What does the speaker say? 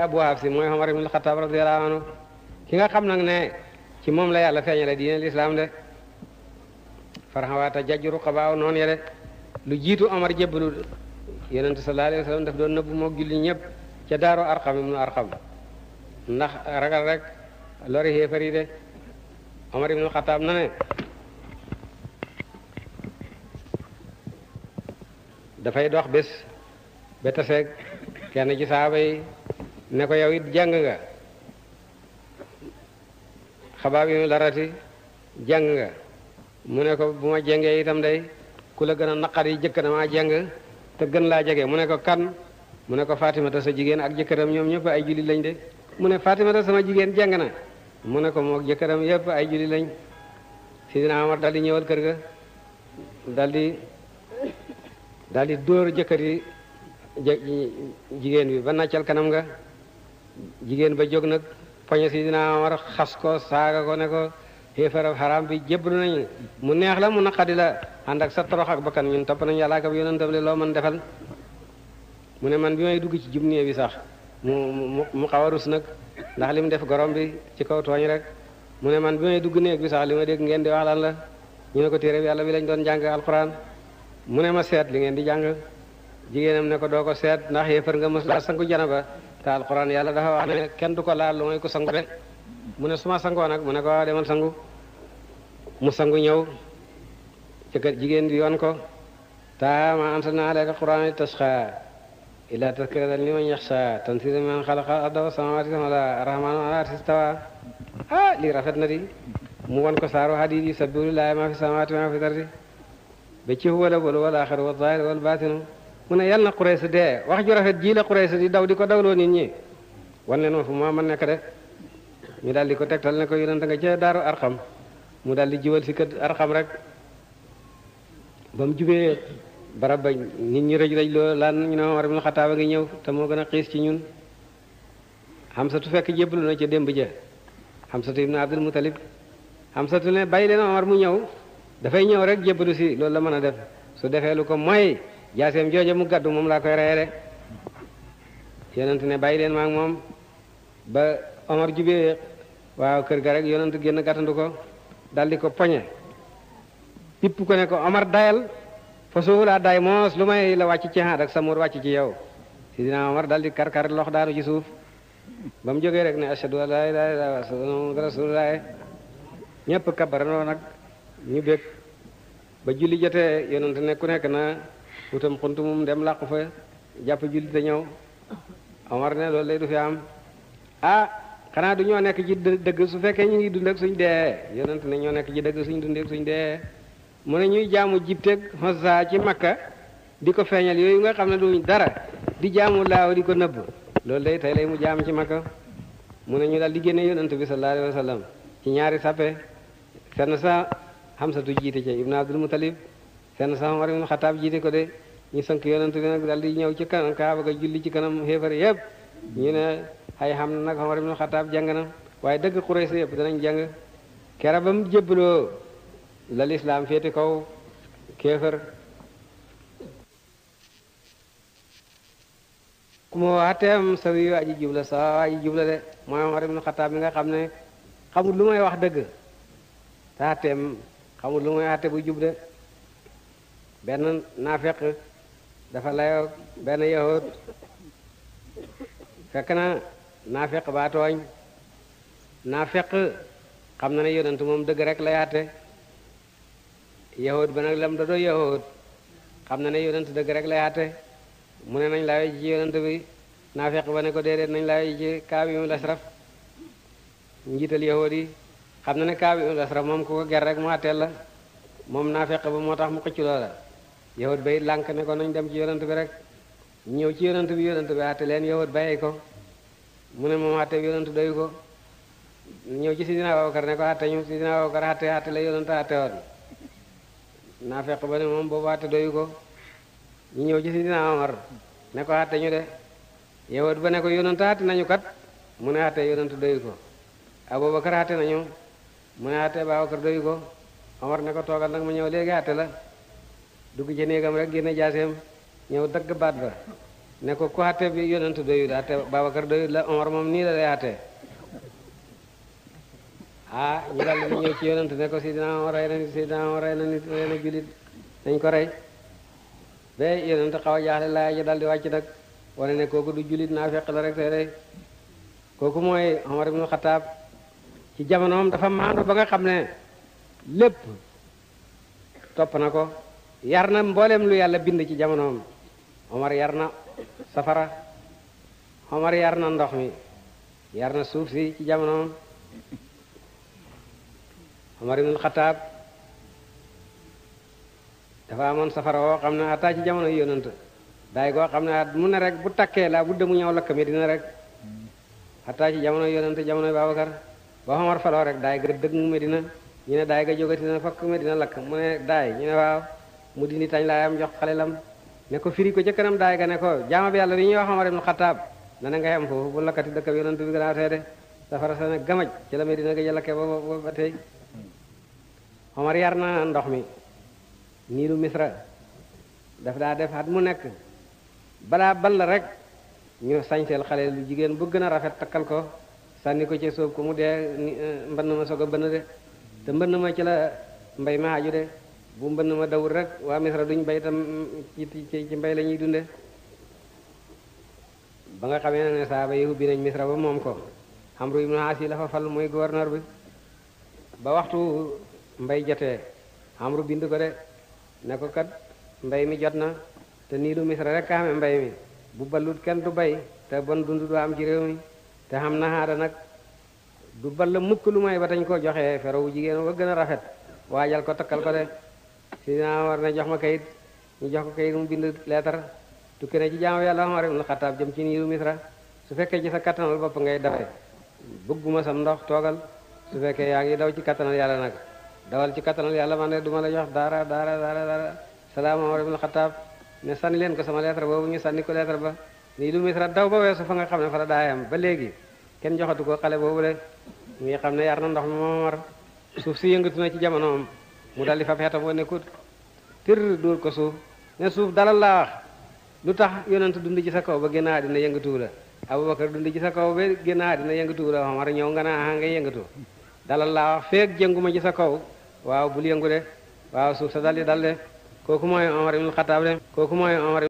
Abu Hafs mooy Omar ibn Xattaab radiyallaahu anhu ki nga xam nag ne ci moom la yàlla feeñale diine lislaam de farxawaata jajjuru xabaaw noonu ya de lu jiitu Omar jébbalu yonente sallallaahu alayhi wa sallam daf doon nëbbu moo ca daaru Arqam ibnu Arqam ndax ragal rek lori xéefar yi de Omar ibnu Xattaab na ne dafay dox bés ba taseeg kenn ci saaba ne ko yow it jàng nga xabaab yi nu larati jàng nga mu ne ko bu ma jàngee itam day ku la gën a naqari jëkk damaa jàng te gën laa jege mu ne ko kan mu ne ko Fatimata sa jigéen ak jëkkëram ñoom ñëpp ay julli lañ de mu ne Fatimata sama jigéen jàng na mu ne ko moog jëkkënam yépp ay julli lañ Sidina Omar dal di ñëwal kër ga daldi di dal dóor jëkkër yi jigéen bi ba naccal kanam nga jigéen ba jóg nag poñe si dinaa war a xas ko saaga ko ne ko xéefarab xaraam bi jéblu nañu mu neex la mu naqadi la ànd ak sa torox ak bakkan ñun topp nañu yàlla ak yonentam le loo mën defal mu ne man bi may dugg ci jubnee bi sax mu mu xaw a rus nag ndax li mu def gorom bi ci kaw tooñ rek mu ne man bi may dugg néeg bi sax li ma dégg ngeen di wax lan la ñu ne ko téere bi yàlla bi lañ doon jàng alxuraan mu ne ma seet li ngeen di jàng jigéenam ne ko doo ko seet ndax yéefar nga mos la sangu janaba te alxuraan yàlla dafa wax ne kenn du ko laal lu may ko sangu de mu ne su mu ne ko waaw demal sangu mu sangu ñëw jëkkër jigéen bi yoon ko taama anzalnaa alayka alquraan litasxaa illaa tazkiratan liman yaxshaa tanziilan mimman xalaqa al-arda was-samaawaati wal-arda ar-rahmaanu alal arshi stawaa ah lii rafet na di mu won saaru hadiid yusabbihu lillaahi maa fi samaawaati wa fi l ba ci huwa al wal-aaxiru waz-zaahiru wal-baatinu mu ne yal na Quraysh de wax ju rafet ji la Quraysh di daw di ko dawloo nit ñi wan leen ma fu ma man nekk de ñu daal di ko tegtal ne ko yonent nga ca daaru arxam mu daal di jiwal si kër arxam rek ba mu jubee barab ba nit ñi rëj rëj loo laan ñu ne Omar ibn Xataab ngi ñëw te moo gën a xiis ci ñun Xamsatu fekk jébbalu na ca démb ja Xamsatu ibn Abdul Mutalib Xamsatu ne bàyyi leen Omar mu ñëw dafay ñëw rek jébbalu si loolu la mën a def su defee lu ko mooy jaaseem jooje mu gaddu moom laa koy reye de yonent ne bàyyi leen maak moom ba Omar jubee waaw kër ga rek yonent génn gàttandu ko daldi ko poñe pipp ko ne ko Omar dayal fa suufulaa day moos lu may la wàcc ci xaat ak samuur wàcc ci yow sidina Omar daldi karkar lox daanu ci suuf ba mu jógee rek ne ashadu an laa ilaaha illallaah nag ñu bég ba julli jotee yonent ku nekk na utam xunt moom dem làqu fa jàpp julli te ñëw Omar ne lool lay du fi am a ah, xanaa du ñoo nekk ci dëgg su fekkee ñu ngi dund ak suñ dee yonent ne ñoo nekk ci dëgg suñ dund suñ dee mu ne ñuy jaamu jibteeg xosa ci makka di ko feeñal yooyu nga xam ne duñ dara di jaamu laaw di ko nëbb loolu day tey lay mu jaam ci makka mu ne ñu daal di génne yonent bi sallallahu alayhi wa sallam ci ñaari sappe fenn sa Hamsatu jiite ca Ibn Abdul Mutalib fenn sa Omar ibn Xataab jiite ñu sank yonent bi nag di ñëw ci kanam kaaba ga julli ci kanam xéefar yëpp ñu ne ay xam na nag Omar ibn Xataab jàng na waaye dëgg Quraysh yëpp danañ jàng kera ba mu jébbaloo la lislaam féete kaw kéefar ku ma waateem sa wi aji jubla sa aji jubla de mooy Omar ibn Xataab mi nga xam ne xamul lu may wax dëgg te àtteem xamul lu may àtte bu jub de benn naafeq dafa layoog benn yahud fekk na naafeq baa naa naafeq xam na ne yonent moom dëgg rek la yaate yahud ba nag lam da doo yahud xam na ne yonent dëgg rek la yaate mu ne nañ laayo ji ci yonent bi naafeq ba ne ko déedéet nañ laayo ji ci Kaab ibn Ashraf njiital yahud yi xam na ne Kaab ibn Ashraf moom ku ko ger rek mu àtteel la moom naa naafeq ba moo tax mu xëccu loola yahut bay lànk ne ko nañ dem ci yonent bi rek ñëw ci yonent bi yonent bi àtte leen yahut bàyyi ko mu ne moom àtte yonent doy ko ñëw ci sidina ko àtte ñu sidina Abubakar àtte àtte la yonent ba ne moom boobu ñëw ci sidina Omar ne ko àtte ñu de yahut ba ne ko yonent àtte nañu kat mu ne àtte yonent doyu ko Abubakar àtte nañu mu ne àtte Abubakar doyu ko Omar ne ko toogal nag mu ñëw léegi àtte la dugg ci néegam rek génn jaaseem ñëw dagg baat ba ne ko ku xatte bi yonentu doyut xatte Babacar doyut la Omar moom nii la lay xatte ah ñu dal di ñëw ci yonentu ne ko Sidina Omar rey na nit Sidina na julit nañ ko rey ba yonentu xaw a jaaxle laaya ji dal di wàcc nag wane ne kooku du julit naa fekk la rek tey rey kooku mooy Omar ibnu Xataab ci jamonoom dafa maandu ba nga xam ne lépp topp na ko yar na mboolem lu yàlla bind ci jamonoom Omar yar na safara Omar yar na ndox mi yar na suuf si ci jamonoom Omar ibnul Xataab dafa amoon safara woo xam ne ataa ci jamono yonent daay goo xam ne at mu rek bu takkee laa bu demu ñëw lakk mi dina rek ataa ci jamono yonent jamono Babacar ba Omar faloo rek daay ga dëgg Medina ñu ne daay ga jógati na fakk Medina lakk mu ne daay ñu ne waaw mu dindi tañ laayam jox xalelam ne ko firi ko ca kanam daay ga ne ko jaama bi yàlla li ñuy wax Omar ibn Xattaab na na nga yem foofu bu lakkati dëkk bi yonent bi gannaaw tey de safara sa ne gamaj ci la Medina ga jëlake ba ba ba tey Omar yar na ndox mi niiru misra daf daa def at mu nekk balaa ball rek ñu sañseel xale lu jigéen bu gën a rafet takkal ko sànni ko ci soob ko mu dee eh, mbënn ma soog a bënn de te mbënn ma ci la mbay ma aju de bu mbënn ma dawul rek waa misra duñ bay tam ci ci mbay la ñuy dunde ba nga xamee ne saaba yi ubbi nañ misra ba moom ko Amru ibnu Aas yi la fa fal mooy gouverneur bi ba waxtu mbay jotee Amru bind ko de ne ko kat mbay mi jot na te nii lu misra rek kaame mbay mi bu ballut kenn du bay te bon dund du am ci réew mi te xam na xaada nag du ball mukk lu may ba dañ ko joxee ferawu jigéen ba gën a rafet waajal ko takkal ko de Sidina war na jox ma kayit ñu jox ko kayit mu bind leetar tukki na ci jaamu yàlla Omar ibn Xattaab jëm ci niiru Misra su fekkee ci sa kattanal bopp ngay dawee bëgguma sam ndox toogal su fekkee yaa ngi daw ci kattanal yàlla nag dawal ci kattanal yàlla ma ne du ma la jox dara dara dara dara salaam Omar ibn Xattaab ne sànni leen ko sama leetar boobu ñu sànni ko leetar ba niiru Misra daw ba weesu fa nga xam ne fa la daayam ba léegi kenn joxatu ko xale boobu le muy xam ne yar na ndox mi moom suuf si yëngatu na ci jamonoom mu dal di fab xeetam wane ko tër dóor ko suuf ne suuf dalal laa lu tax yonent dund ci sa kaw ba génn àddina yëngatuwu la Abubakar dund ci sa kaw ba génn àddina yëngatuwu la Omar ñëw nga naa nga yëngatu dalal laa feeg jënguma ci sa kaw waaw bul yëngu de waaw suuf sa dal di dal de kooku mooy Omar ibn Xataab de kooku mooy Omar